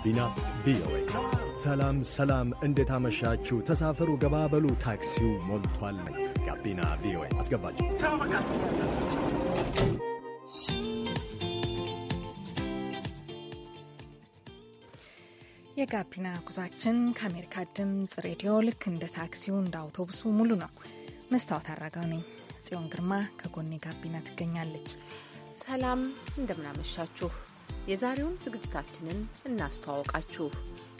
ጋቢና ቪኦኤ። ሰላም ሰላም፣ እንዴት አመሻችሁ? ተሳፈሩ፣ ገባበሉ፣ ታክሲው ሞልቷል። ጋቢና ቪኦኤ አስገባችሁ። የጋቢና ጉዟችን ከአሜሪካ ድምፅ ሬዲዮ ልክ እንደ ታክሲው እንደ አውቶቡሱ ሙሉ ነው። መስታወት አራጋው ነኝ። ጽዮን ግርማ ከጎኔ ጋቢና ትገኛለች። ሰላም፣ እንደምናመሻችሁ የዛሬውን ዝግጅታችንን እናስተዋወቃችሁ።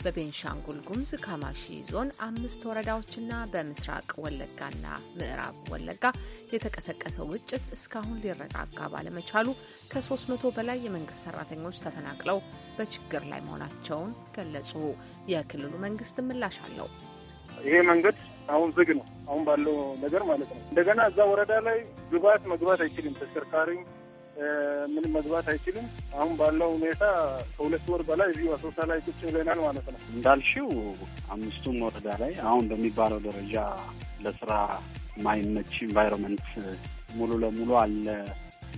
በቤንሻንጉል ጉሙዝ ካማሺ ዞን አምስት ወረዳዎችና በምስራቅ ወለጋና ምዕራብ ወለጋ የተቀሰቀሰው ግጭት እስካሁን ሊረጋጋ ባለመቻሉ ከ300 በላይ የመንግስት ሰራተኞች ተፈናቅለው በችግር ላይ መሆናቸውን ገለጹ። የክልሉ መንግስት ምላሽ አለው። ይሄ መንገድ አሁን ዝግ ነው፣ አሁን ባለው ነገር ማለት ነው። እንደገና እዛ ወረዳ ላይ ግባት መግባት አይችልም ተሽከርካሪም ምንም መግባት አይችልም። አሁን ባለው ሁኔታ ከሁለት ወር በላይ እዚሁ አሶሳ ላይ ቁጭ ብለናል ማለት ነው። እንዳልሽው አምስቱም ወረዳ ላይ አሁን በሚባለው ደረጃ ለስራ ማይመች ኢንቫይሮንመንት ሙሉ ለሙሉ አለ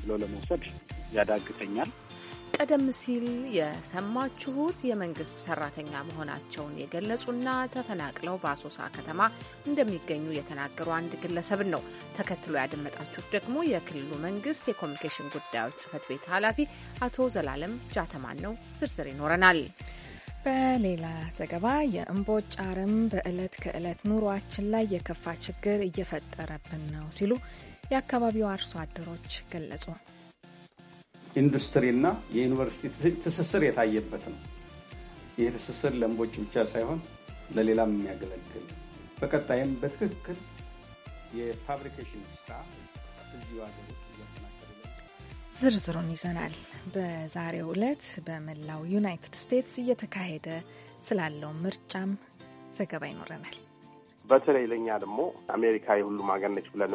ብሎ ለመውሰድ ያዳግተኛል። ቀደም ሲል የሰማችሁት የመንግስት ሰራተኛ መሆናቸውን የገለጹና ተፈናቅለው በአሶሳ ከተማ እንደሚገኙ የተናገሩ አንድ ግለሰብን ነው። ተከትሎ ያደመጣችሁት ደግሞ የክልሉ መንግስት የኮሚኒኬሽን ጉዳዮች ጽህፈት ቤት ኃላፊ አቶ ዘላለም ጃተማን ነው። ዝርዝር ይኖረናል። በሌላ ዘገባ የእምቦጭ አረም በዕለት ከዕለት ኑሯችን ላይ የከፋ ችግር እየፈጠረብን ነው ሲሉ የአካባቢው አርሶ አደሮች ገለጹ። ኢንዱስትሪና የዩኒቨርሲቲ ትስስር የታየበት ነው። ይህ ትስስር ለምቦች ብቻ ሳይሆን ለሌላም የሚያገለግል በቀጣይም በትክክል የፋብሪኬሽን ስራ እዚሁ ሀገር ዝርዝሩን ይዘናል። በዛሬው ዕለት በመላው ዩናይትድ ስቴትስ እየተካሄደ ስላለው ምርጫም ዘገባ ይኖረናል። በተለይ ለኛ ደግሞ አሜሪካ የሁሉም ሀገር ነች ብለን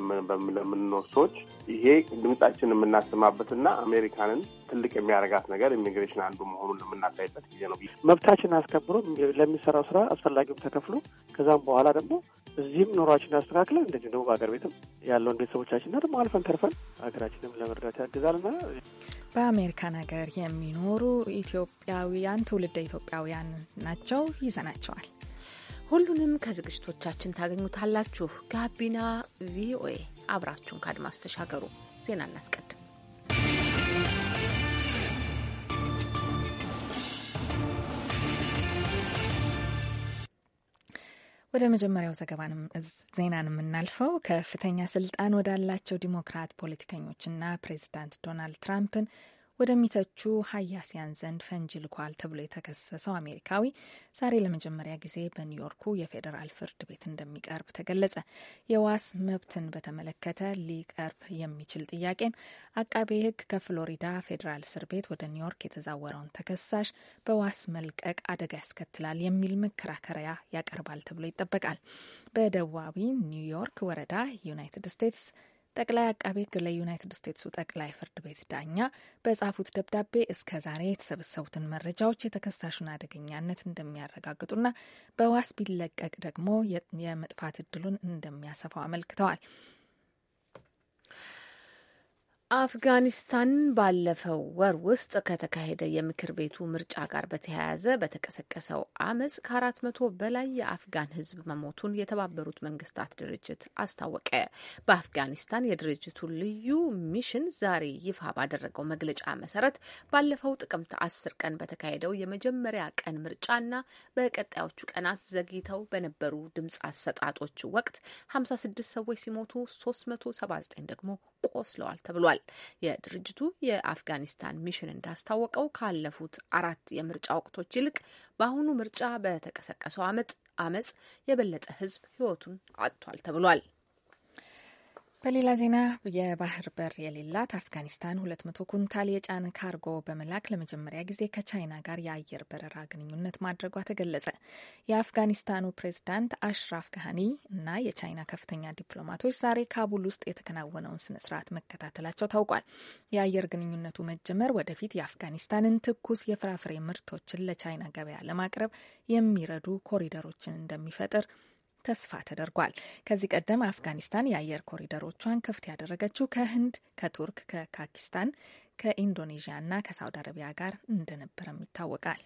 ለምንኖር ሰዎች ይሄ ድምጻችን የምናሰማበትና አሜሪካንን ትልቅ የሚያደርጋት ነገር ኢሚግሬሽን አንዱ መሆኑን የምናሳይበት ጊዜ ነው። መብታችን አስከብሮ ለሚሰራው ስራ አስፈላጊውም ተከፍሎ ከዛም በኋላ ደግሞ እዚህም ኑሯችን አስተካክለን እንደዚህ ደግሞ በሀገር ቤትም ያለውን ቤተሰቦቻችንና ደግሞ አልፈን ተርፈን ሀገራችንም ለመርዳት ያግዛልና በአሜሪካን ሀገር የሚኖሩ ኢትዮጵያውያን ትውልደ ኢትዮጵያውያን ናቸው። ይዘናቸዋል። ሁሉንም ከዝግጅቶቻችን ታገኙታላችሁ። ጋቢና ቪኦኤ አብራችሁን ከአድማስ ተሻገሩ። ዜና እናስቀድም። ወደ መጀመሪያው ዘገባንም ዜናን የምናልፈው ከፍተኛ ስልጣን ወዳላቸው ዲሞክራት ፖለቲከኞችና ፕሬዚዳንት ዶናልድ ትራምፕን ወደሚተቹ ሀያሲያን ዘንድ ፈንጅ ልኳል ተብሎ የተከሰሰው አሜሪካዊ ዛሬ ለመጀመሪያ ጊዜ በኒውዮርኩ የፌዴራል ፍርድ ቤት እንደሚቀርብ ተገለጸ። የዋስ መብትን በተመለከተ ሊቀርብ የሚችል ጥያቄን አቃቤ ሕግ ከፍሎሪዳ ፌዴራል እስር ቤት ወደ ኒውዮርክ የተዛወረውን ተከሳሽ በዋስ መልቀቅ አደጋ ያስከትላል የሚል መከራከሪያ ያቀርባል ተብሎ ይጠበቃል። በደቡባዊ ኒውዮርክ ወረዳ ዩናይትድ ስቴትስ ጠቅላይ አቃቤ ሕግ ለዩናይትድ ስቴትሱ ጠቅላይ ፍርድ ቤት ዳኛ በጻፉት ደብዳቤ እስከ ዛሬ የተሰበሰቡትን መረጃዎች የተከሳሹን አደገኛነት እንደሚያረጋግጡና በዋስ ቢለቀቅ ደግሞ የመጥፋት እድሉን እንደሚያሰፋው አመልክተዋል። አፍጋኒስታን ባለፈው ወር ውስጥ ከተካሄደ የምክር ቤቱ ምርጫ ጋር በተያያዘ በተቀሰቀሰው ከ ከአራት መቶ በላይ የአፍጋን ሕዝብ መሞቱን የተባበሩት መንግስታት ድርጅት አስታወቀ። በአፍጋኒስታን የድርጅቱ ልዩ ሚሽን ዛሬ ይፋ ባደረገው መግለጫ መሰረት ባለፈው ጥቅምት አስር ቀን በተካሄደው የመጀመሪያ ቀን ምርጫና በቀጣዮቹ ቀናት ዘግይተው በነበሩ ድምፅ አሰጣጦች ወቅት 56 ሰዎች ሲሞቱ 379 ደግሞ ቆስለዋል ተብሏል። የድርጅቱ የአፍጋኒስታን ሚሽን እንዳስታወቀው ካለፉት አራት የምርጫ ወቅቶች ይልቅ በአሁኑ ምርጫ በተቀሰቀሰው አመፅ አመፅ የበለጠ ህዝብ ህይወቱን አጥቷል ተብሏል። በሌላ ዜና የባህር በር የሌላት አፍጋኒስታን ሁለት መቶ ኩንታል የጫነ ካርጎ በመላክ ለመጀመሪያ ጊዜ ከቻይና ጋር የአየር በረራ ግንኙነት ማድረጓ ተገለጸ። የአፍጋኒስታኑ ፕሬዝዳንት አሽራፍ ጋኒ እና የቻይና ከፍተኛ ዲፕሎማቶች ዛሬ ካቡል ውስጥ የተከናወነውን ስነ ስርዓት መከታተላቸው ታውቋል። የአየር ግንኙነቱ መጀመር ወደፊት የአፍጋኒስታንን ትኩስ የፍራፍሬ ምርቶችን ለቻይና ገበያ ለማቅረብ የሚረዱ ኮሪደሮችን እንደሚፈጥር ተስፋ ተደርጓል። ከዚህ ቀደም አፍጋኒስታን የአየር ኮሪደሮቿን ክፍት ያደረገችው ከህንድ፣ ከቱርክ፣ ከፓኪስታን፣ ከኢንዶኔዥያ እና ከሳውዲ አረቢያ ጋር እንደነበረም ይታወቃል።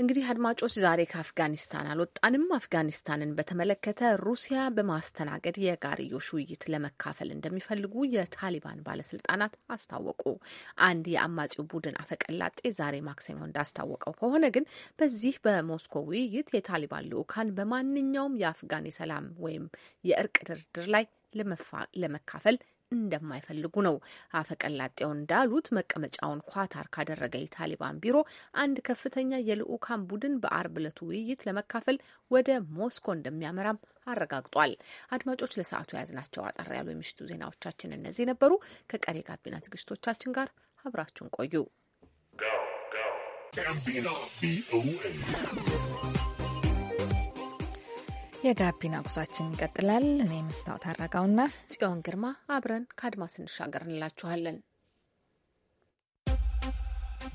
እንግዲህ አድማጮች ዛሬ ከአፍጋኒስታን አልወጣንም። አፍጋኒስታንን በተመለከተ ሩሲያ በማስተናገድ የጋርዮሽ ውይይት ለመካፈል እንደሚፈልጉ የታሊባን ባለስልጣናት አስታወቁ። አንድ የአማጺው ቡድን አፈቀላጤ ዛሬ ማክሰኞ እንዳስታወቀው ከሆነ ግን በዚህ በሞስኮ ውይይት የታሊባን ልዑካን በማንኛውም የአፍጋን የሰላም ወይም የእርቅ ድርድር ላይ ለመካፈል እንደማይፈልጉ ነው። አፈቀላጤው እንዳሉት መቀመጫውን ኳታር ካደረገ የታሊባን ቢሮ አንድ ከፍተኛ የልዑካን ቡድን በአርብ ዕለቱ ውይይት ለመካፈል ወደ ሞስኮ እንደሚያመራም አረጋግጧል። አድማጮች ለሰዓቱ የያዝናቸው አጠር ያሉ የምሽቱ ዜናዎቻችን እነዚህ ነበሩ። ከቀሪ ጋቢና ዝግጅቶቻችን ጋር አብራችሁን ቆዩ። የጋቢና ጉዟችን ይቀጥላል። እኔ መስታወት አረጋውና ጽዮን ግርማ አብረን ከአድማስ እንሻገር እንላችኋለን።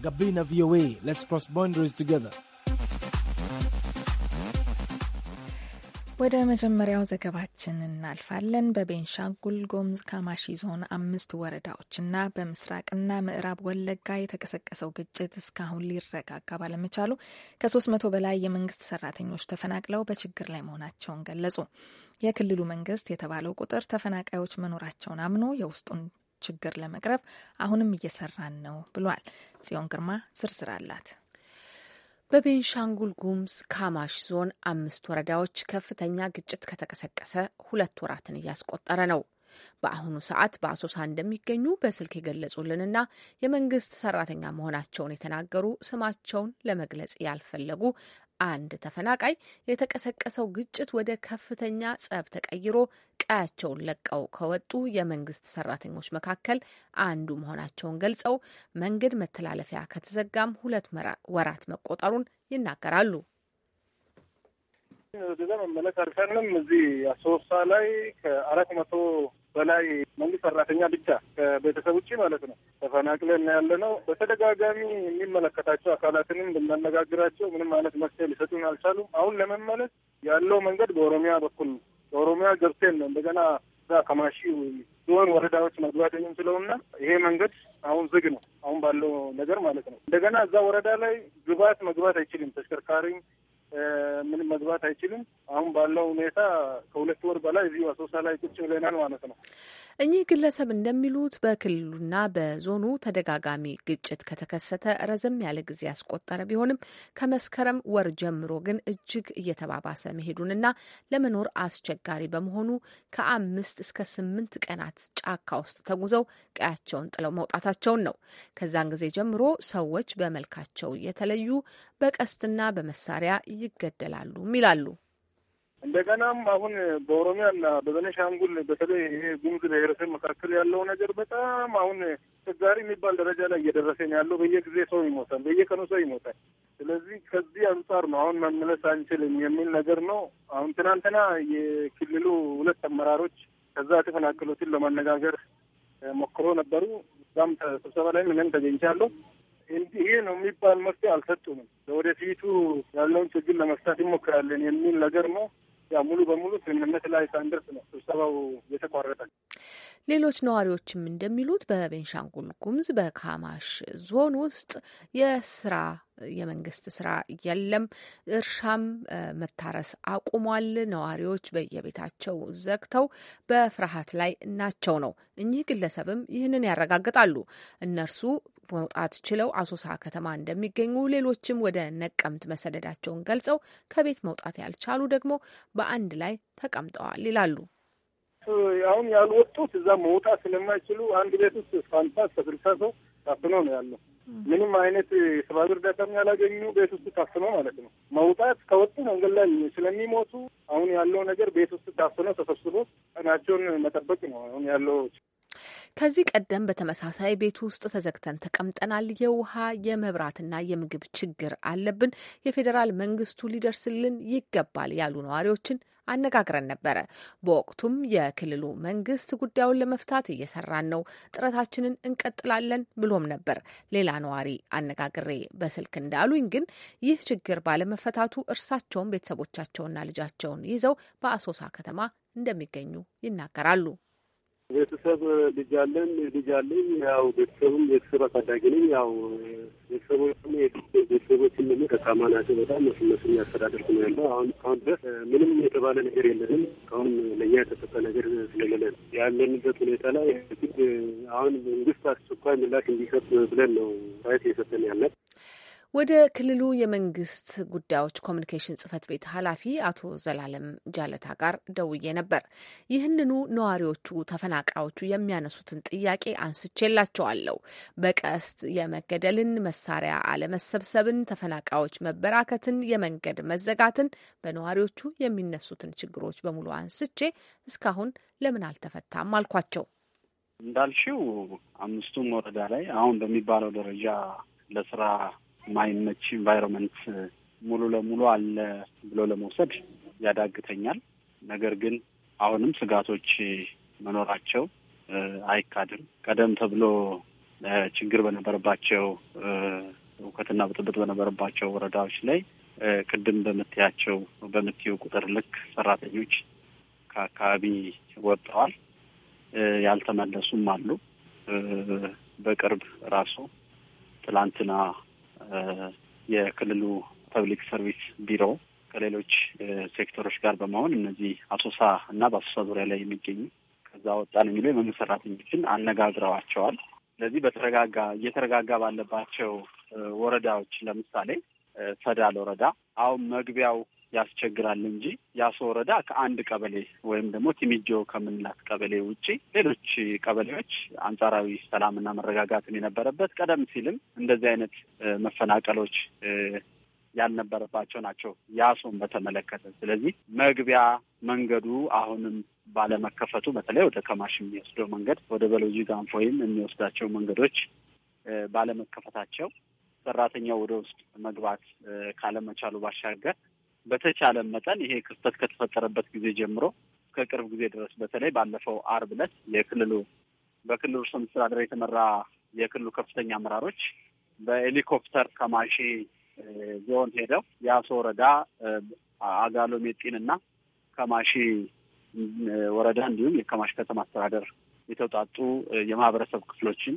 ጋቢና ቪኦኤ ስ ፕሮስ ባውንደሪስ ቱገር ወደ መጀመሪያው ዘገባችን እናልፋለን። በቤንሻንጉል ጉሙዝ ካማሺ ዞን አምስት ወረዳዎችና በምስራቅና ምዕራብ ወለጋ የተቀሰቀሰው ግጭት እስካሁን ሊረጋጋ ባለመቻሉ ከሶስት መቶ በላይ የመንግስት ሰራተኞች ተፈናቅለው በችግር ላይ መሆናቸውን ገለጹ። የክልሉ መንግስት የተባለው ቁጥር ተፈናቃዮች መኖራቸውን አምኖ የውስጡን ችግር ለመቅረፍ አሁንም እየሰራን ነው ብሏል። ጽዮን ግርማ ዝርዝር አላት። በቤንሻንጉል ጉምዝ ካማሽ ዞን አምስት ወረዳዎች ከፍተኛ ግጭት ከተቀሰቀሰ ሁለት ወራትን እያስቆጠረ ነው። በአሁኑ ሰዓት በአሶሳ እንደሚገኙ በስልክ የገለጹልንና የመንግስት ሰራተኛ መሆናቸውን የተናገሩ ስማቸውን ለመግለጽ ያልፈለጉ አንድ ተፈናቃይ የተቀሰቀሰው ግጭት ወደ ከፍተኛ ጸብ ተቀይሮ ቀያቸውን ለቀው ከወጡ የመንግስት ሰራተኞች መካከል አንዱ መሆናቸውን ገልጸው መንገድ መተላለፊያ ከተዘጋም ሁለት ወራት መቆጠሩን ይናገራሉ። ወደዛ መመለስ አልቻልንም። እዚህ አሶሳ ላይ ከአራት መቶ በላይ መንግስት ሰራተኛ ብቻ ከቤተሰብ ውጭ ማለት ነው ተፈናቅለን ያለ ነው። በተደጋጋሚ የሚመለከታቸው አካላትንም ብናነጋግራቸው ምንም አይነት መፍትሄ ሊሰጡን አልቻሉም። አሁን ለመመለስ ያለው መንገድ በኦሮሚያ በኩል በኦሮሚያ ገብቴን ነው እንደገና እዛ ከማሺ ዞን ወረዳዎች መግባት የምንችለውና ይሄ መንገድ አሁን ዝግ ነው። አሁን ባለው ነገር ማለት ነው። እንደገና እዛ ወረዳ ላይ ግባት መግባት አይችልም። ተሽከርካሪም ምንም መግባት አይችልም። አሁን ባለው ሁኔታ ከሁለት ወር በላይ እዚሁ አሶሳ ላይ ቁጭ ብለናል ማለት ነው። እኚህ ግለሰብ እንደሚሉት በክልሉና በዞኑ ተደጋጋሚ ግጭት ከተከሰተ ረዘም ያለ ጊዜ ያስቆጠረ ቢሆንም ከመስከረም ወር ጀምሮ ግን እጅግ እየተባባሰ መሄዱንና ለመኖር አስቸጋሪ በመሆኑ ከአምስት እስከ ስምንት ቀናት ጫካ ውስጥ ተጉዘው ቀያቸውን ጥለው መውጣታቸውን ነው። ከዛን ጊዜ ጀምሮ ሰዎች በመልካቸው የተለዩ በቀስትና በመሳሪያ ይገደላሉም ይላሉ። እንደገናም አሁን በኦሮሚያና በበነሻንጉል በተለይ ይሄ ጉሙዝ ብሔረሰብ መካከል ያለው ነገር በጣም አሁን አስቸጋሪ የሚባል ደረጃ ላይ እየደረሰ ነው ያለው። በየጊዜ ሰው ይሞታል፣ በየቀኑ ሰው ይሞታል። ስለዚህ ከዚህ አንጻር ነው አሁን መመለስ አንችልም የሚል ነገር ነው። አሁን ትናንትና የክልሉ ሁለት አመራሮች ከዛ የተፈናቀሉትን ለማነጋገር ሞክሮ ነበሩ። እዛም ስብሰባ ላይ ምንም ተገኝቻለሁ። ይሄ ነው የሚባል መፍትሄ አልሰጡንም። ለወደፊቱ ያለውን ችግር ለመፍታት ይሞክራለን የሚል ነገር ነው። ያ ሙሉ በሙሉ ስምምነት ላይ ሳንደርስ ነው ስብሰባው የተቋረጠ። ሌሎች ነዋሪዎችም እንደሚሉት በቤንሻንጉል ጉሙዝ በካማሽ ዞን ውስጥ የስራ የመንግስት ስራ የለም፣ እርሻም መታረስ አቁሟል። ነዋሪዎች በየቤታቸው ዘግተው በፍርሃት ላይ ናቸው ነው እኚህ ግለሰብም ይህንን ያረጋግጣሉ። እነርሱ መውጣት ችለው አሶሳ ከተማ እንደሚገኙ፣ ሌሎችም ወደ ነቀምት መሰደዳቸውን ገልጸው ከቤት መውጣት ያልቻሉ ደግሞ በአንድ ላይ ተቀምጠዋል ይላሉ። አሁን ያልወጡት እዛ መውጣት ስለማይችሉ አንድ ቤት ውስጥ ፋንታ አምሳ ሰው ታፍኖ ነው ያለው። ምንም አይነት የሰብዓዊ እርዳታም ያላገኙ ቤት ውስጥ ታፍኖ ማለት ነው። መውጣት ከወጡ መንገድ ላይ ስለሚሞቱ አሁን ያለው ነገር ቤት ውስጥ ታፍኖ ተሰብስቦ ቀናቸውን መጠበቅ ነው አሁን ያለው ከዚህ ቀደም በተመሳሳይ ቤት ውስጥ ተዘግተን ተቀምጠናል። የውሃ የመብራትና የምግብ ችግር አለብን። የፌዴራል መንግስቱ ሊደርስልን ይገባል ያሉ ነዋሪዎችን አነጋግረን ነበረ። በወቅቱም የክልሉ መንግስት ጉዳዩን ለመፍታት እየሰራን ነው፣ ጥረታችንን እንቀጥላለን ብሎም ነበር። ሌላ ነዋሪ አነጋግሬ በስልክ እንዳሉኝ ግን ይህ ችግር ባለመፈታቱ እርሳቸውን ቤተሰቦቻቸውና ልጃቸውን ይዘው በአሶሳ ከተማ እንደሚገኙ ይናገራሉ። ቤተሰብ ልጅ አለን ልጅ አለኝ። ያው ቤተሰብም ቤተሰብ አሳዳጊ ነኝ። ያው ቤተሰቦችም ቤተሰቦች ምን ደካማ ናቸው። በጣም መስመስ ያስተዳደርኩ ነው ያለው። አሁን አሁን ድረስ ምንም የተባለ ነገር የለንም። አሁን ለእኛ የተሰጠ ነገር ስለሌለ ያለንበት ሁኔታ ላይ አሁን መንግስት አስቸኳይ ምላሽ እንዲሰጥ ብለን ነው ሳይት እየሰጠን ያለን። ወደ ክልሉ የመንግስት ጉዳዮች ኮሚኒኬሽን ጽህፈት ቤት ኃላፊ አቶ ዘላለም ጃለታ ጋር ደውዬ ነበር። ይህንኑ ነዋሪዎቹ፣ ተፈናቃዮቹ የሚያነሱትን ጥያቄ አንስቼላቸዋለሁ። በቀስት የመገደልን፣ መሳሪያ አለመሰብሰብን፣ ተፈናቃዮች መበራከትን፣ የመንገድ መዘጋትን፣ በነዋሪዎቹ የሚነሱትን ችግሮች በሙሉ አንስቼ እስካሁን ለምን አልተፈታም አልኳቸው። እንዳልሽው አምስቱም ወረዳ ላይ አሁን በሚባለው ደረጃ ለስራ ማይመች ኢንቫይሮንመንት ሙሉ ለሙሉ አለ ብሎ ለመውሰድ ያዳግተኛል። ነገር ግን አሁንም ስጋቶች መኖራቸው አይካድም። ቀደም ተብሎ ችግር በነበረባቸው እውከትና ብጥብጥ በነበረባቸው ወረዳዎች ላይ ቅድም በምትያቸው በምትየው ቁጥር ልክ ሰራተኞች ከአካባቢ ወጥተዋል። ያልተመለሱም አሉ። በቅርብ ራሱ ትላንትና የክልሉ ፐብሊክ ሰርቪስ ቢሮ ከሌሎች ሴክተሮች ጋር በመሆን እነዚህ አሶሳ እና በአሶሳ ዙሪያ ላይ የሚገኙ ከዛ ወጣን የሚሉ የመንግስት ሰራተኞችን አነጋግረዋቸዋል። ስለዚህ በተረጋጋ እየተረጋጋ ባለባቸው ወረዳዎች ለምሳሌ ፈዳል ወረዳ አሁን መግቢያው ያስቸግራል እንጂ ያሶ ወረዳ ከአንድ ቀበሌ ወይም ደግሞ ቲሚጆ ከምንላት ቀበሌ ውጪ ሌሎች ቀበሌዎች አንጻራዊ ሰላምና መረጋጋትን የነበረበት ቀደም ሲልም እንደዚህ አይነት መፈናቀሎች ያልነበረባቸው ናቸው። ያሶን በተመለከተ ስለዚህ መግቢያ መንገዱ አሁንም ባለመከፈቱ በተለይ ወደ ከማሽ የሚወስደው መንገድ ወደ በሎጂ ጋንፎ ወይም የሚወስዳቸው መንገዶች ባለመከፈታቸው ሰራተኛው ወደ ውስጥ መግባት ካለመቻሉ ባሻገር በተቻለ መጠን ይሄ ክስተት ከተፈጠረበት ጊዜ ጀምሮ ከቅርብ ጊዜ ድረስ በተለይ ባለፈው አርብ ዕለት የክልሉ በክልሉ ርዕሰ መስተዳድር የተመራ የክልሉ ከፍተኛ አመራሮች በሄሊኮፕተር ከማሺ ዞን ሄደው የአሶ ወረዳ አጋሎ ሜጢን እና ከማሺ ወረዳ እንዲሁም የከማሽ ከተማ አስተዳደር የተውጣጡ የማህበረሰብ ክፍሎችን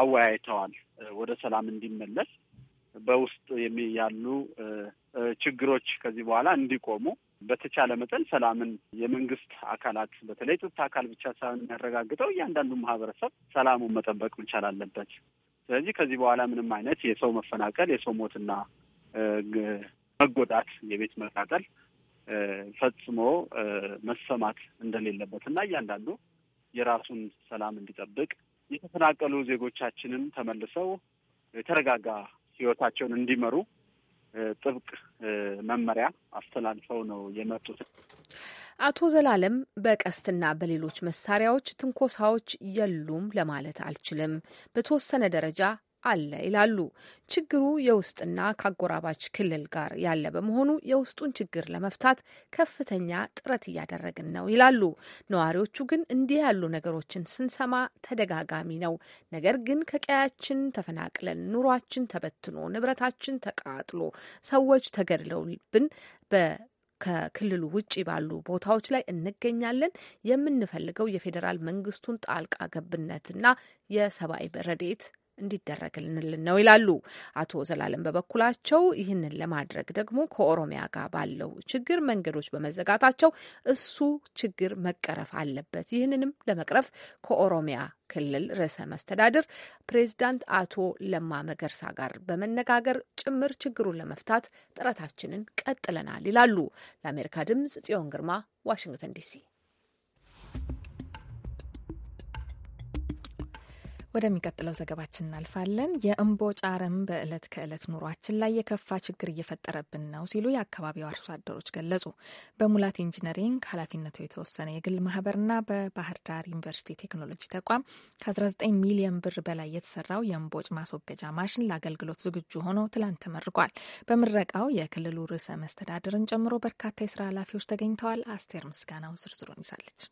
አወያይተዋል። ወደ ሰላም እንዲመለስ በውስጥ ያሉ ችግሮች ከዚህ በኋላ እንዲቆሙ በተቻለ መጠን ሰላምን የመንግስት አካላት በተለይ ጸጥታ አካል ብቻ ሳይሆን የሚያረጋግጠው እያንዳንዱ ማህበረሰብ ሰላሙን መጠበቅ መቻል አለበት። ስለዚህ ከዚህ በኋላ ምንም አይነት የሰው መፈናቀል፣ የሰው ሞትና መጎዳት፣ የቤት መቃጠል ፈጽሞ መሰማት እንደሌለበት እና እያንዳንዱ የራሱን ሰላም እንዲጠብቅ የተፈናቀሉ ዜጎቻችንን ተመልሰው የተረጋጋ ህይወታቸውን እንዲመሩ ጥብቅ መመሪያ አስተላልፈው ነው የመጡት። አቶ ዘላለም በቀስትና በሌሎች መሳሪያዎች ትንኮሳዎች የሉም ለማለት አልችልም። በተወሰነ ደረጃ አለ ይላሉ። ችግሩ የውስጥና ከአጎራባች ክልል ጋር ያለ በመሆኑ የውስጡን ችግር ለመፍታት ከፍተኛ ጥረት እያደረግን ነው ይላሉ። ነዋሪዎቹ ግን እንዲህ ያሉ ነገሮችን ስንሰማ ተደጋጋሚ ነው። ነገር ግን ከቀያችን ተፈናቅለን ኑሯችን ተበትኖ ንብረታችን ተቃጥሎ ሰዎች ተገድለውብን በ ከክልሉ ውጭ ባሉ ቦታዎች ላይ እንገኛለን። የምንፈልገው የፌዴራል መንግስቱን ጣልቃ ገብነትና የሰብአዊ ረድኤት እንዲደረግልን ነው ይላሉ። አቶ ዘላለም በበኩላቸው ይህንን ለማድረግ ደግሞ ከኦሮሚያ ጋር ባለው ችግር መንገዶች በመዘጋታቸው እሱ ችግር መቀረፍ አለበት። ይህንንም ለመቅረፍ ከኦሮሚያ ክልል ርዕሰ መስተዳድር ፕሬዚዳንት አቶ ለማ መገርሳ ጋር በመነጋገር ጭምር ችግሩን ለመፍታት ጥረታችንን ቀጥለናል ይላሉ። ለአሜሪካ ድምጽ ጽዮን ግርማ ዋሽንግተን ዲሲ ወደሚቀጥለው ዘገባችን እናልፋለን። የእምቦጭ አረም በዕለት ከዕለት ኑሯችን ላይ የከፋ ችግር እየፈጠረብን ነው ሲሉ የአካባቢው አርሶ አደሮች ገለጹ። በሙላት ኢንጂነሪንግ ኃላፊነቱ የተወሰነ የግል ማህበርና በባህር ዳር ዩኒቨርሲቲ ቴክኖሎጂ ተቋም ከ19 ሚሊዮን ብር በላይ የተሰራው የእምቦጭ ማስወገጃ ማሽን ለአገልግሎት ዝግጁ ሆኖ ትላንት ተመርቋል። በምረቃው የክልሉ ርዕሰ መስተዳድርን ጨምሮ በርካታ የስራ ኃላፊዎች ተገኝተዋል። አስቴር ምስጋናው ዝርዝሩን ይዛለች።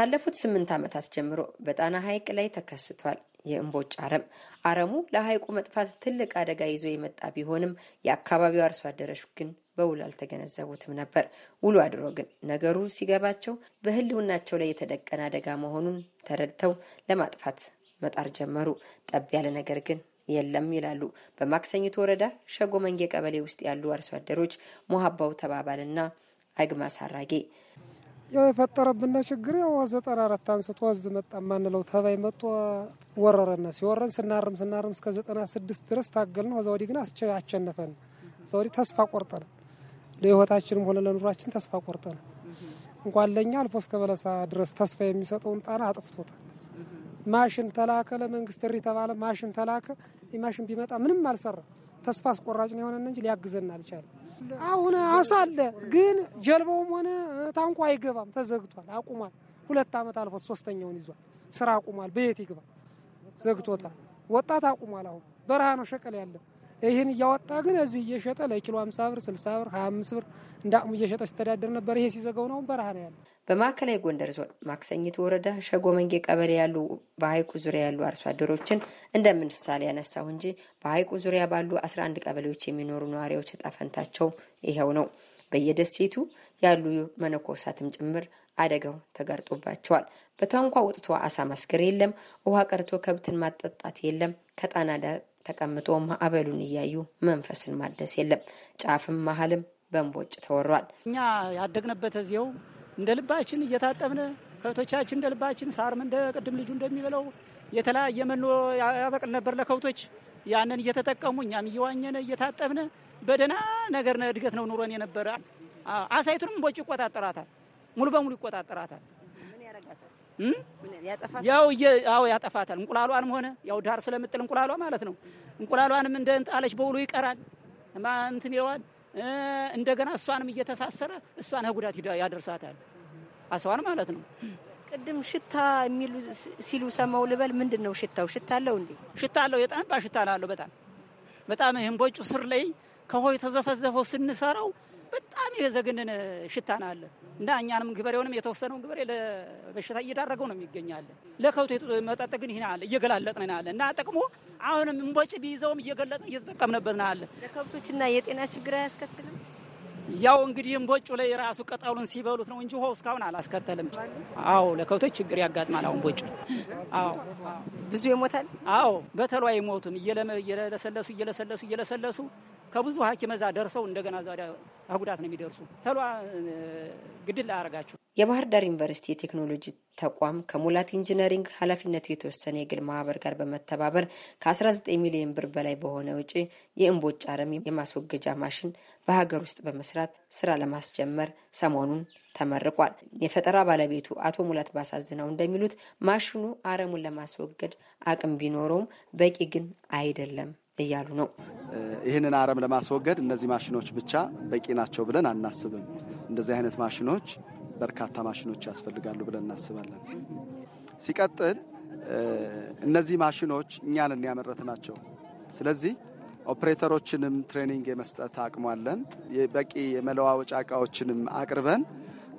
ካለፉት ስምንት ዓመታት ጀምሮ በጣና ሐይቅ ላይ ተከስቷል የእምቦጭ አረም። አረሙ ለሐይቁ መጥፋት ትልቅ አደጋ ይዞ የመጣ ቢሆንም የአካባቢው አርሶ አደሮች ግን በውል አልተገነዘቡትም ነበር። ውሎ አድሮ ግን ነገሩ ሲገባቸው በሕልውናቸው ላይ የተደቀነ አደጋ መሆኑን ተረድተው ለማጥፋት መጣር ጀመሩ። ጠብ ያለ ነገር ግን የለም ይላሉ በማክሰኝት ወረዳ ሸጎ መንጌ ቀበሌ ውስጥ ያሉ አርሶ አደሮች ሞሀባው ተባባልና አግማ ሳራጌ ያው የፈጠረብን ችግር ያው ዘጠና አራት አንስቶ ወዝድ መጣ ማንለው ተባይ መጥቶ ወረረና ሲወረን ስናርም ስናርም እስከ ዘጠና ስድስት ድረስ ታገልን። ከዛ ወዲህ ግን አሸነፈን። ከዛ ወዲህ ተስፋ ቆርጠን ለህይወታችንም ሆነ ለኑሯችን ተስፋ ቆርጠን እንኳን ለእኛ አልፎ እስከ በለሳ ድረስ ተስፋ የሚሰጠውን ጣና አጥፍቶታል። ማሽን ተላከ፣ ለመንግስት እሪ ተባለ፣ ማሽን ተላከ። ማሽን ቢመጣ ምንም አልሰራ። ተስፋ አስቆራጭ ነው የሆነን እንጂ ሊያግዘን አልቻለም። አሁን አሳ አለ፣ ግን ጀልባውም ሆነ ታንኳ አይገባም። ተዘግቷል፣ አቁሟል። ሁለት አመት አልፎት ሶስተኛውን ይዟል። ስራ አቁሟል። በየት ይግባ? ዘግቶታል። ወጣት አቁሟል። አሁን በረሃ ነው ሸቀል ያለ ይህን እያወጣ ግን እዚህ እየሸጠ ለኪሎ 50 ብር፣ 60 ብር፣ 25 ብር እንደ አቅሙ እየሸጠ ሲተዳደር ነበር። ይሄ ሲዘገው ነው በረሃ ነው ያለ በማዕከላዊ ጎንደር ዞን ማክሰኝት ወረዳ ሸጎ መንጌ ቀበሌ ያሉ በሐይቁ ዙሪያ ያሉ አርሶ አደሮችን እንደ ምሳሌ ያነሳሁ እንጂ በሐይቁ ዙሪያ ባሉ አስራ አንድ ቀበሌዎች የሚኖሩ ነዋሪዎች እጣ ፈንታቸው ይኸው ነው። በየደሴቱ ያሉ መነኮሳትም ጭምር አደጋው ተጋርጦባቸዋል። በታንኳ ወጥቶ አሳ ማስገር የለም፣ ውሃ ቀርቶ ከብትን ማጠጣት የለም፣ ከጣና ዳር ተቀምጦ ማዕበሉን እያዩ መንፈስን ማደስ የለም። ጫፍም መሀልም በእንቦጭ ተወሯል። እኛ ያደግንበት እዚያው እንደ ልባችን እየታጠብን ከብቶቻችን እንደ ልባችን ሳርም እንደ ቅድም ልጁ እንደሚበለው የተለያየ መኖ ያበቅል ነበር ለከብቶች። ያንን እየተጠቀሙ እኛም እየዋኘን እየታጠብን በደህና ነገር እድገት ነው ኑሮን የነበረ። አሳይቱንም ቦጭ ይቆጣጠራታል፣ ሙሉ በሙሉ ይቆጣጠራታል። ያው ያው ያጠፋታል። እንቁላሏንም ሆነ ያው ዳር ስለምጥል እንቁላሏ ማለት ነው። እንቁላሏንም እንደ ጣለች በውሉ ይቀራል እንትን ይለዋል እንደገና እሷንም እየተሳሰረ እሷን ጉዳት ያደርሳታል። አስዋን ማለት ነው። ቅድም ሽታ የሚሉ ሲሉ ሰማው ልበል፣ ምንድን ነው ሽታው? ሽታ አለው እንዴ? ሽታ አለው፣ የጠነባ ሽታ አለው። በጣም በጣም ይህም ቦጩ ስር ላይ ከሆይ ተዘፈዘፈው ስንሰራው በጣም የዘግንን ሽታ ነው አለ እና እኛንም ግበሬውንም የተወሰነውን ግበሬ ለበሽታ እየዳረገው ነው የሚገኛለን። ለከብቶ መጠጥ ግን ይህን አለ እየገላለጥ ነው አለ እና ጠቅሞ አሁንም እምቦጭ ቢይዘውም እየገለጠ እየተጠቀምንበት ናለ። ለከብቶችና የጤና ችግር አያስከትልም። ያው እንግዲህ እንቦጩ ላይ ራሱ ቅጠሉን ሲበሉት ነው እንጂ ውሃው እስካሁን አላስከተልም። አዎ ለከብቶች ችግር ያጋጥማል። አሁን ቦጩ አዎ ብዙ ይሞታል። አዎ በተሏ አይሞቱም። እየለሰለሱ እየለሰለሱ እየለሰለሱ ከብዙ ሐኪም እዛ ደርሰው እንደገና ጉዳት ነው የሚደርሱ። ተሏ ግድል አያደርጋቸው የባህር ዳር ዩኒቨርሲቲ የቴክኖሎጂ ተቋም ከሙላት ኢንጂነሪንግ ኃላፊነቱ የተወሰነ የግል ማህበር ጋር በመተባበር ከ19 ሚሊዮን ብር በላይ በሆነ ውጪ የእምቦጭ አረም የማስወገጃ ማሽን በሀገር ውስጥ በመስራት ስራ ለማስጀመር ሰሞኑን ተመርቋል። የፈጠራ ባለቤቱ አቶ ሙላት ባሳዝነው እንደሚሉት ማሽኑ አረሙን ለማስወገድ አቅም ቢኖረውም በቂ ግን አይደለም እያሉ ነው። ይህንን አረም ለማስወገድ እነዚህ ማሽኖች ብቻ በቂ ናቸው ብለን አናስብም። እንደዚህ አይነት ማሽኖች በርካታ ማሽኖች ያስፈልጋሉ ብለን እናስባለን። ሲቀጥል እነዚህ ማሽኖች እኛን ያመረት ናቸው። ስለዚህ ኦፕሬተሮችንም ትሬኒንግ የመስጠት አቅሟለን። በቂ የመለዋወጫ እቃዎችንም አቅርበን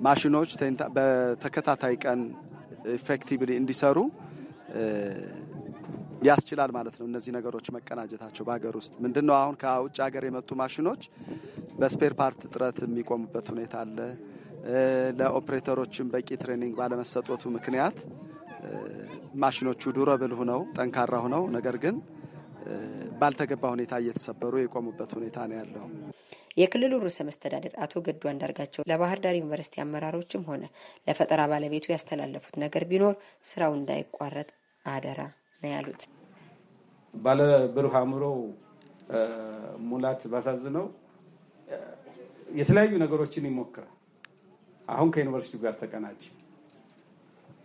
ማሽኖች በተከታታይ ቀን ኢፌክቲቭሊ እንዲሰሩ ያስችላል ማለት ነው። እነዚህ ነገሮች መቀናጀታቸው በሀገር ውስጥ ምንድን ነው አሁን ከውጭ ሀገር የመጡ ማሽኖች በስፔር ፓርት እጥረት የሚቆሙበት ሁኔታ አለ። ለኦፕሬተሮችን በቂ ትሬኒንግ ባለመሰጠቱ ምክንያት ማሽኖቹ ዱረብል ሁነው ጠንካራ ሁነው ነገር ግን ባልተገባ ሁኔታ እየተሰበሩ የቆሙበት ሁኔታ ነው ያለው። የክልሉ ርዕሰ መስተዳደር አቶ ገዱ አንዳርጋቸው ለባህር ዳር ዩኒቨርሲቲ አመራሮችም ሆነ ለፈጠራ ባለቤቱ ያስተላለፉት ነገር ቢኖር ስራው እንዳይቋረጥ አደራ ነው ያሉት። ባለ ብሩህ አእምሮ ሙላት ባሳዝነው የተለያዩ ነገሮችን ይሞክራል አሁን ከዩኒቨርሲቲው ጋር ተቀናጀ።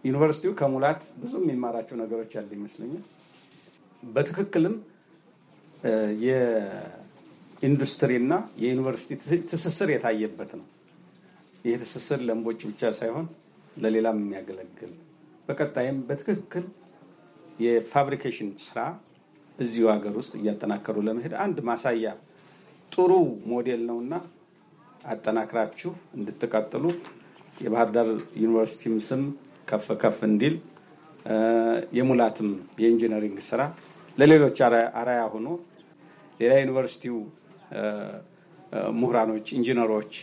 ዩኒቨርሲቲው ከሙላት ብዙ የሚማራቸው ነገሮች ያለ ይመስለኛል። በትክክልም የኢንዱስትሪና የዩኒቨርሲቲ ትስስር የታየበት ነው። ይህ ትስስር ለእምቦጭ ብቻ ሳይሆን ለሌላም የሚያገለግል በቀጣይም በትክክል የፋብሪኬሽን ስራ እዚሁ ሀገር ውስጥ እያጠናከሩ ለመሄድ አንድ ማሳያ ጥሩ ሞዴል ነውና አጠናክራችሁ እንድትቀጥሉ የባህር ዳር ዩኒቨርሲቲም ስም ከፍ ከፍ እንዲል የሙላትም የኢንጂነሪንግ ስራ ለሌሎች አራያ ሆኖ ሌላ ዩኒቨርሲቲው ምሁራኖች፣ ኢንጂነሮች፣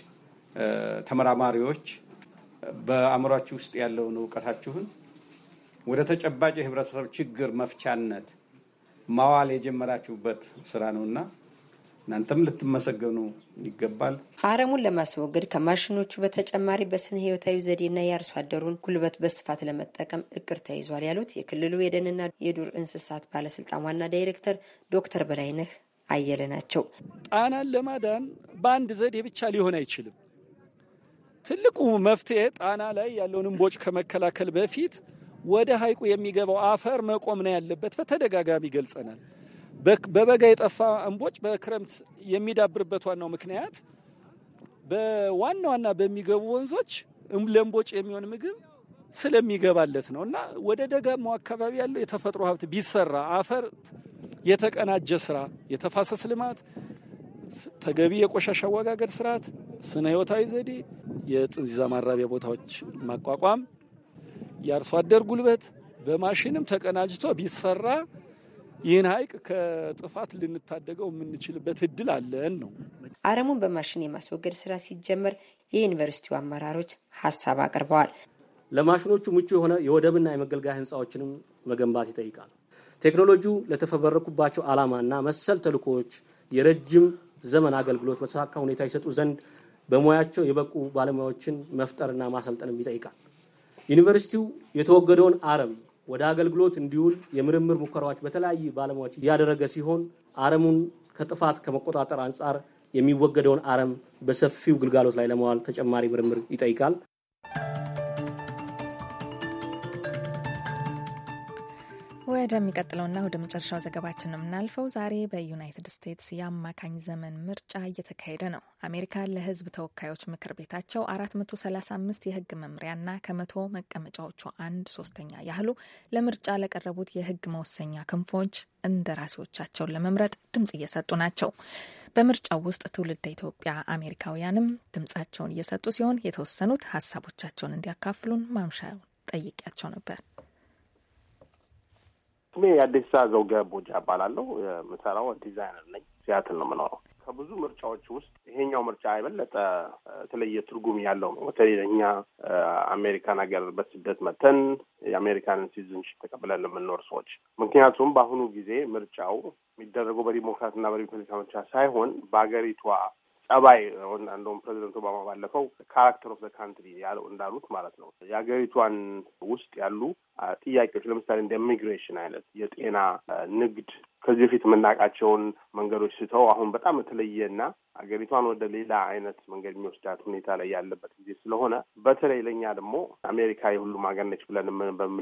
ተመራማሪዎች በአእምሯችሁ ውስጥ ያለውን እውቀታችሁን ወደ ተጨባጭ የህብረተሰብ ችግር መፍቻነት ማዋል የጀመራችሁበት ስራ ነውና እናንተም ልትመሰገኑ ይገባል። አረሙን ለማስወገድ ከማሽኖቹ በተጨማሪ በስነ ህይወታዊ ዘዴና የአርሶ አደሩን ጉልበት በስፋት ለመጠቀም እቅድ ተይዟል ያሉት የክልሉ የደንና የዱር እንስሳት ባለስልጣን ዋና ዳይሬክተር ዶክተር በላይነህ አየለ ናቸው። ጣናን ለማዳን በአንድ ዘዴ ብቻ ሊሆን አይችልም። ትልቁ መፍትሄ ጣና ላይ ያለውን እምቦጭ ከመከላከል በፊት ወደ ሀይቁ የሚገባው አፈር መቆም ነው ያለበት። በተደጋጋሚ ገልጸናል። በበጋ የጠፋ እምቦጭ በክረምት የሚዳብርበት ዋናው ምክንያት በዋና ዋና በሚገቡ ወንዞች ለእምቦጭ የሚሆን ምግብ ስለሚገባለት ነው እና ወደ ደጋማው አካባቢ ያለው የተፈጥሮ ሀብት ቢሰራ አፈር የተቀናጀ ስራ፣ የተፋሰስ ልማት፣ ተገቢ የቆሻሻ አወጋገድ ስርዓት፣ ስነ ህይወታዊ ዘዴ፣ የጥንዚዛ ማራቢያ ቦታዎች ማቋቋም፣ የአርሶ አደር ጉልበት በማሽንም ተቀናጅቶ ቢሰራ ይህን ሀይቅ ከጥፋት ልንታደገው የምንችልበት እድል አለን ነው። አረሙን በማሽን የማስወገድ ስራ ሲጀመር የዩኒቨርሲቲው አመራሮች ሀሳብ አቅርበዋል። ለማሽኖቹ ምቹ የሆነ የወደብና የመገልገያ ህንፃዎችንም መገንባት ይጠይቃል። ቴክኖሎጂው ለተፈበረኩባቸው ዓላማና መሰል ተልእኮዎች የረጅም ዘመን አገልግሎት በተሳካ ሁኔታ ይሰጡ ዘንድ በሙያቸው የበቁ ባለሙያዎችን መፍጠርና ማሰልጠንም ይጠይቃል። ዩኒቨርሲቲው የተወገደውን አረም ወደ አገልግሎት እንዲውል የምርምር ሙከራዎች በተለያዩ ባለሙያዎች እያደረገ ሲሆን አረሙን ከጥፋት ከመቆጣጠር አንጻር የሚወገደውን አረም በሰፊው ግልጋሎት ላይ ለመዋል ተጨማሪ ምርምር ይጠይቃል። ወደሚቀጥለውና ወደ መጨረሻው ዘገባችን ነው የምናልፈው። ዛሬ በዩናይትድ ስቴትስ የአማካኝ ዘመን ምርጫ እየተካሄደ ነው። አሜሪካ ለሕዝብ ተወካዮች ምክር ቤታቸው 435 የሕግ መምሪያና ከመቶ መቀመጫዎቹ አንድ ሶስተኛ ያህሉ ለምርጫ ለቀረቡት የሕግ መወሰኛ ክንፎች እንደራሴዎቻቸውን ለመምረጥ ድምጽ እየሰጡ ናቸው። በምርጫው ውስጥ ትውልደ ኢትዮጵያ አሜሪካውያንም ድምጻቸውን እየሰጡ ሲሆን የተወሰኑት ሀሳቦቻቸውን እንዲያካፍሉን ማምሻው ጠይቂያቸው ነበር። ስሜ የአዲስ ዘውገ ቦጃ እባላለሁ። የምሰራው ዲዛይነር ነኝ። ሲያትል ነው የምኖረው። ከብዙ ምርጫዎች ውስጥ ይሄኛው ምርጫ የበለጠ የተለየ ትርጉም ያለው ነው። በተለይ እኛ አሜሪካን ሀገር በስደት መተን የአሜሪካንን ሲዝንሽ ተቀብለን የምንኖር ሰዎች፣ ምክንያቱም በአሁኑ ጊዜ ምርጫው የሚደረገው በዲሞክራትና በሪፐብሊካን ብቻ ሳይሆን በሀገሪቷ ጠባይ አሁን እንደውም ፕሬዚደንት ኦባማ ባለፈው ካራክተር ኦፍ ዘ ካንትሪ ያለው እንዳሉት ማለት ነው የሀገሪቷን ውስጥ ያሉ ጥያቄዎች ለምሳሌ እንደ ኢሚግሬሽን አይነት፣ የጤና፣ ንግድ ከዚህ በፊት የምናውቃቸውን መንገዶች ስተው አሁን በጣም የተለየና ሀገሪቷን ወደ ሌላ አይነት መንገድ የሚወስዳት ሁኔታ ላይ ያለበት ጊዜ ስለሆነ በተለይ ለእኛ ደግሞ አሜሪካ የሁሉም ሀገር ነች ብለን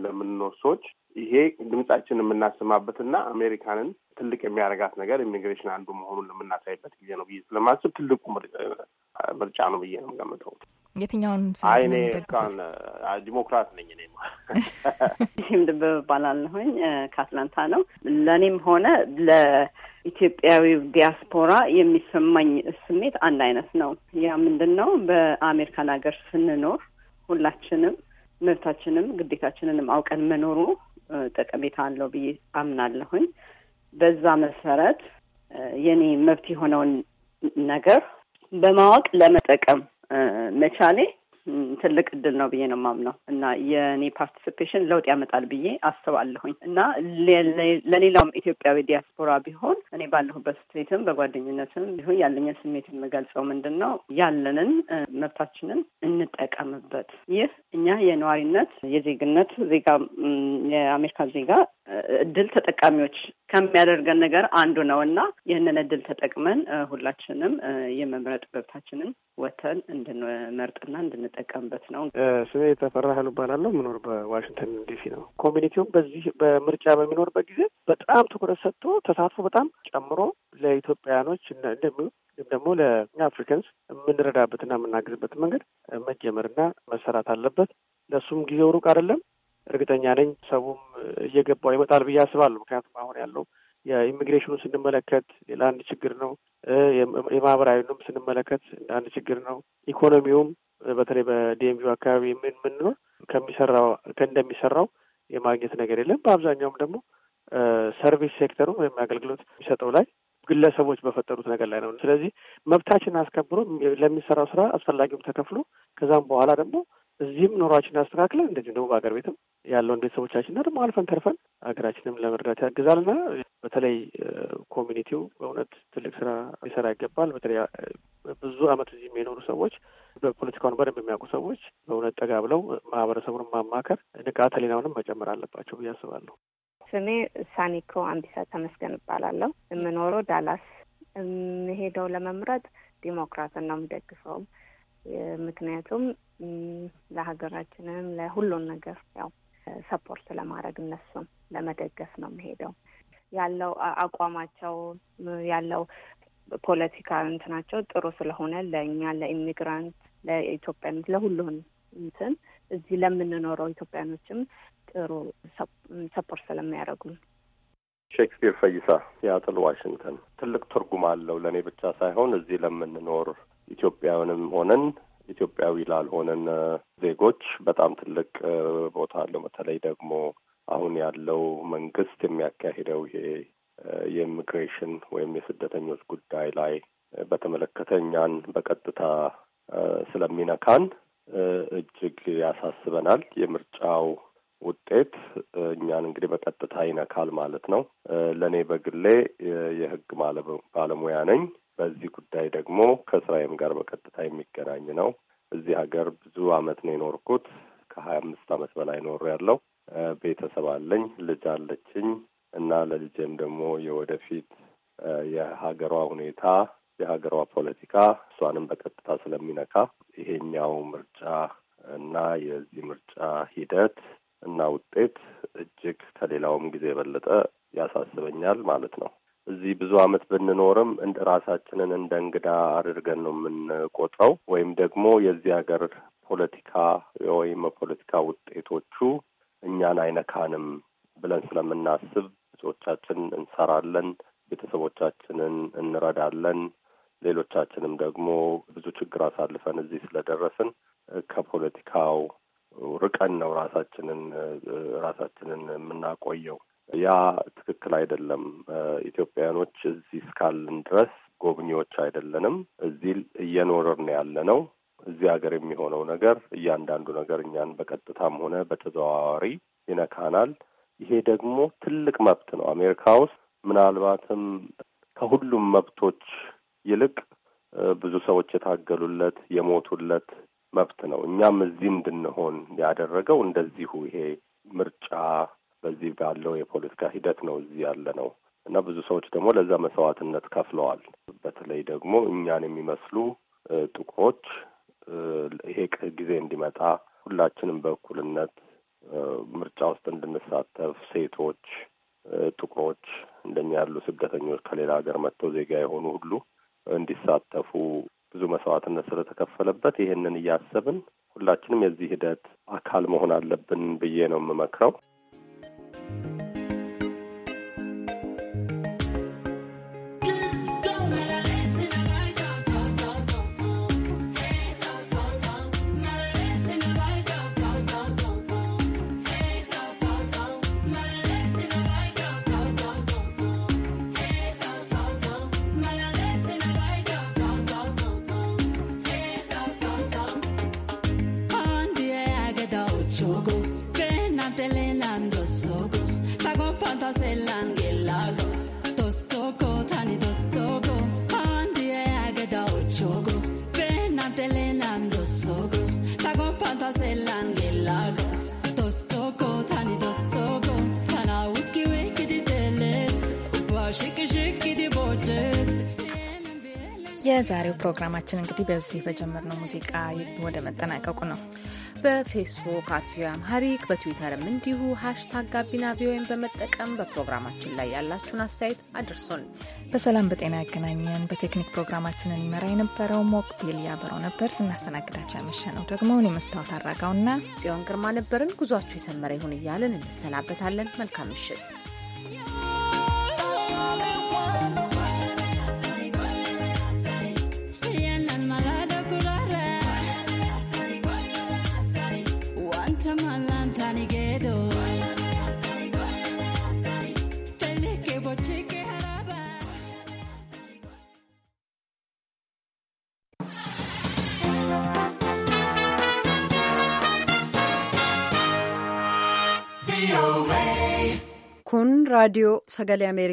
ለምንኖር ሰዎች ይሄ ድምጻችን የምናሰማበትና አሜሪካንን ትልቅ የሚያደርጋት ነገር ኢሚግሬሽን አንዱ መሆኑን ለምናሳይበት ጊዜ ነው ብዬ ስለማስብ ትልቁ ምርጫ ነው ብዬ ነው ገምተው። የትኛውን አይ እኔ እስካሁን ዲሞክራት ነኝ። እኔ ይህም ድንብ እባላለሁኝ ከአትላንታ ነው። ለእኔም ሆነ ለኢትዮጵያዊው ዲያስፖራ የሚሰማኝ ስሜት አንድ አይነት ነው። ያ ምንድን ነው? በአሜሪካን ሀገር ስንኖር ሁላችንም መብታችንም ግዴታችንንም አውቀን መኖሩ ጠቀሜታ አለው ብዬ አምናለሁኝ። በዛ መሰረት የኔ መብት የሆነውን ነገር በማወቅ ለመጠቀም መቻሌ ትልቅ እድል ነው ብዬ ነው የማምነው እና የኔ ፓርቲሲፔሽን ለውጥ ያመጣል ብዬ አስባለሁኝ እና ለሌላውም ኢትዮጵያዊ ዲያስፖራ ቢሆን እኔ ባለሁበት ስቴትም በጓደኝነትም ቢሆን ያለኝን ስሜት የምገልጸው ምንድን ነው፣ ያለንን መብታችንን እንጠቀምበት። ይህ እኛ የነዋሪነት የዜግነት ዜጋ የአሜሪካን ዜጋ እድል ተጠቃሚዎች ከሚያደርገን ነገር አንዱ ነው እና ይህንን እድል ተጠቅመን ሁላችንም የመምረጥ መብታችንን ወተን እንድንመርጥና እንድንጠቀምበት ነው። ስሜ የተፈራ ህል እባላለሁ። በዋሽንግተን ዲሲ ነው። ኮሚኒቲውም በዚህ በምርጫ በሚኖርበት ጊዜ በጣም ትኩረት ሰጥቶ ተሳትፎ በጣም ጨምሮ ለኢትዮጵያውያኖች እንደሚ ደግሞ ለአፍሪካንስ የምንረዳበትና የምናግዝበት መንገድ መጀመርና መሰራት አለበት። ለእሱም ጊዜው ሩቅ አይደለም። እርግጠኛ ነኝ ሰቡም እየገባው ይመጣል ብዬ አስባለሁ። ምክንያቱም አሁን ያለው የኢሚግሬሽኑ ስንመለከት ለአንድ ችግር ነው። የማህበራዊንም ስንመለከት አንድ ችግር ነው። ኢኮኖሚውም በተለይ በዲኤምቪ አካባቢ የምንኖር ከሚሰራው ከእንደሚሰራው የማግኘት ነገር የለም። በአብዛኛውም ደግሞ ሰርቪስ ሴክተሩ ወይም አገልግሎት የሚሰጠው ላይ ግለሰቦች በፈጠሩት ነገር ላይ ነው። ስለዚህ መብታችን አስከብሮ ለሚሰራው ስራ አስፈላጊውም ተከፍሎ ከዛም በኋላ ደግሞ እዚህም ኑሯችን አስተካክለን እንደዚሁም ደግሞ በሀገር ቤትም ያለውን ቤተሰቦቻችንና ደግሞ አልፈን ተርፈን ሀገራችንም ለመርዳት ያግዛልና በተለይ ኮሚኒቲው በእውነት ትልቅ ስራ ሊሰራ ይገባል። በተለይ ብዙ ዓመት እዚህ የሚኖሩ ሰዎች በፖለቲካውን በደንብ የሚያውቁ ሰዎች በእውነት ጠጋ ብለው ማህበረሰቡን ማማከር ንቃተ ህሊናውንም መጨመር አለባቸው ብዬ አስባለሁ። ስሜ ሳኒኮ አምቢሳ ተመስገን እባላለሁ። የምኖረው ዳላስ። የምሄደው ለመምረጥ ዲሞክራትን ነው የምደግፈውም ምክንያቱም ለሀገራችንም ለሁሉን ነገር ያው ሰፖርት ለማድረግ እነሱም ለመደገፍ ነው የሚሄደው ያለው አቋማቸው ያለው ፖለቲካ እንትናቸው ጥሩ ስለሆነ ለእኛ ለኢሚግራንት ለኢትዮጵያኖች ለሁሉን እንትን እዚህ ለምንኖረው ኢትዮጵያኖችም ጥሩ ሰፖርት ስለሚያደርጉን ሼክስፒር ፈይሳ ሲያትል ዋሽንግተን ትልቅ ትርጉም አለው ለእኔ ብቻ ሳይሆን እዚህ ለምንኖር ኢትዮጵያውያንም ሆነን ኢትዮጵያዊ ላልሆነን ዜጎች በጣም ትልቅ ቦታ አለው። በተለይ ደግሞ አሁን ያለው መንግስት የሚያካሂደው ይሄ የኢሚግሬሽን ወይም የስደተኞች ጉዳይ ላይ በተመለከተ እኛን በቀጥታ ስለሚነካን እጅግ ያሳስበናል። የምርጫው ውጤት እኛን እንግዲህ በቀጥታ ይነካል ማለት ነው። ለእኔ በግሌ የህግ ባለሙያ ነኝ። በዚህ ጉዳይ ደግሞ ከስራዬም ጋር በቀጥታ የሚገናኝ ነው። እዚህ ሀገር ብዙ አመት ነው የኖርኩት። ከሀያ አምስት አመት በላይ ኖር ያለው ቤተሰብ አለኝ፣ ልጅ አለችኝ እና ለልጄም ደግሞ የወደፊት የሀገሯ ሁኔታ የሀገሯ ፖለቲካ እሷንም በቀጥታ ስለሚነካ ይሄኛው ምርጫ እና የዚህ ምርጫ ሂደት እና ውጤት እጅግ ከሌላውም ጊዜ የበለጠ ያሳስበኛል ማለት ነው። እዚህ ብዙ ዓመት ብንኖርም እንደ ራሳችንን እንደ እንግዳ አድርገን ነው የምንቆጥረው ወይም ደግሞ የዚህ ሀገር ፖለቲካ ወይም የፖለቲካ ውጤቶቹ እኛን አይነካንም ብለን ስለምናስብ ብዙዎቻችን እንሰራለን፣ ቤተሰቦቻችንን እንረዳለን። ሌሎቻችንም ደግሞ ብዙ ችግር አሳልፈን እዚህ ስለደረስን ከፖለቲካው ርቀን ነው ራሳችንን ራሳችንን የምናቆየው። ያ ትክክል አይደለም። ኢትዮጵያውያኖች እዚህ እስካልን ድረስ ጎብኚዎች አይደለንም። እዚህ እየኖርን ያለ ነው። እዚህ ሀገር የሚሆነው ነገር እያንዳንዱ ነገር እኛን በቀጥታም ሆነ በተዘዋዋሪ ይነካናል። ይሄ ደግሞ ትልቅ መብት ነው። አሜሪካ ውስጥ ምናልባትም ከሁሉም መብቶች ይልቅ ብዙ ሰዎች የታገሉለት የሞቱለት መብት ነው። እኛም እዚህ እንድንሆን ያደረገው እንደዚሁ ይሄ ምርጫ በዚህ ባለው የፖለቲካ ሂደት ነው እዚህ ያለ ነው እና ብዙ ሰዎች ደግሞ ለዛ መስዋዕትነት ከፍለዋል። በተለይ ደግሞ እኛን የሚመስሉ ጥቁሮች ይሄ ጊዜ እንዲመጣ ሁላችንም በእኩልነት ምርጫ ውስጥ እንድንሳተፍ ሴቶች፣ ጥቁሮች፣ እንደኛ ያሉ ስደተኞች ከሌላ ሀገር መጥተው ዜጋ የሆኑ ሁሉ እንዲሳተፉ ብዙ መስዋዕትነት ስለተከፈለበት ይህንን እያሰብን ሁላችንም የዚህ ሂደት አካል መሆን አለብን ብዬ ነው የምመክረው። thank you የዛሬው ፕሮግራማችን እንግዲህ በዚህ በጀመርነው ሙዚቃ ወደ መጠናቀቁ ነው። በፌስቡክ አት ቪኦኤ አምሃሪክ በትዊተርም እንዲሁ ሀሽታግ ጋቢና ቪኦኤን በመጠቀም በፕሮግራማችን ላይ ያላችሁን አስተያየት አድርሱን። በሰላም በጤና ያገናኘን። በቴክኒክ ፕሮግራማችንን ይመራ የነበረው ሞክቢል ያበረው ነበር። ስናስተናግዳቸው ያመሸነው ደግሞ እኔ መስታወት አራጋውና ጽዮን ግርማ ነበርን። ጉዟችሁ የሰመረ ይሁን እያለን እንሰናበታለን። መልካም ምሽት። raadiyoo sagalee Ameerikaa.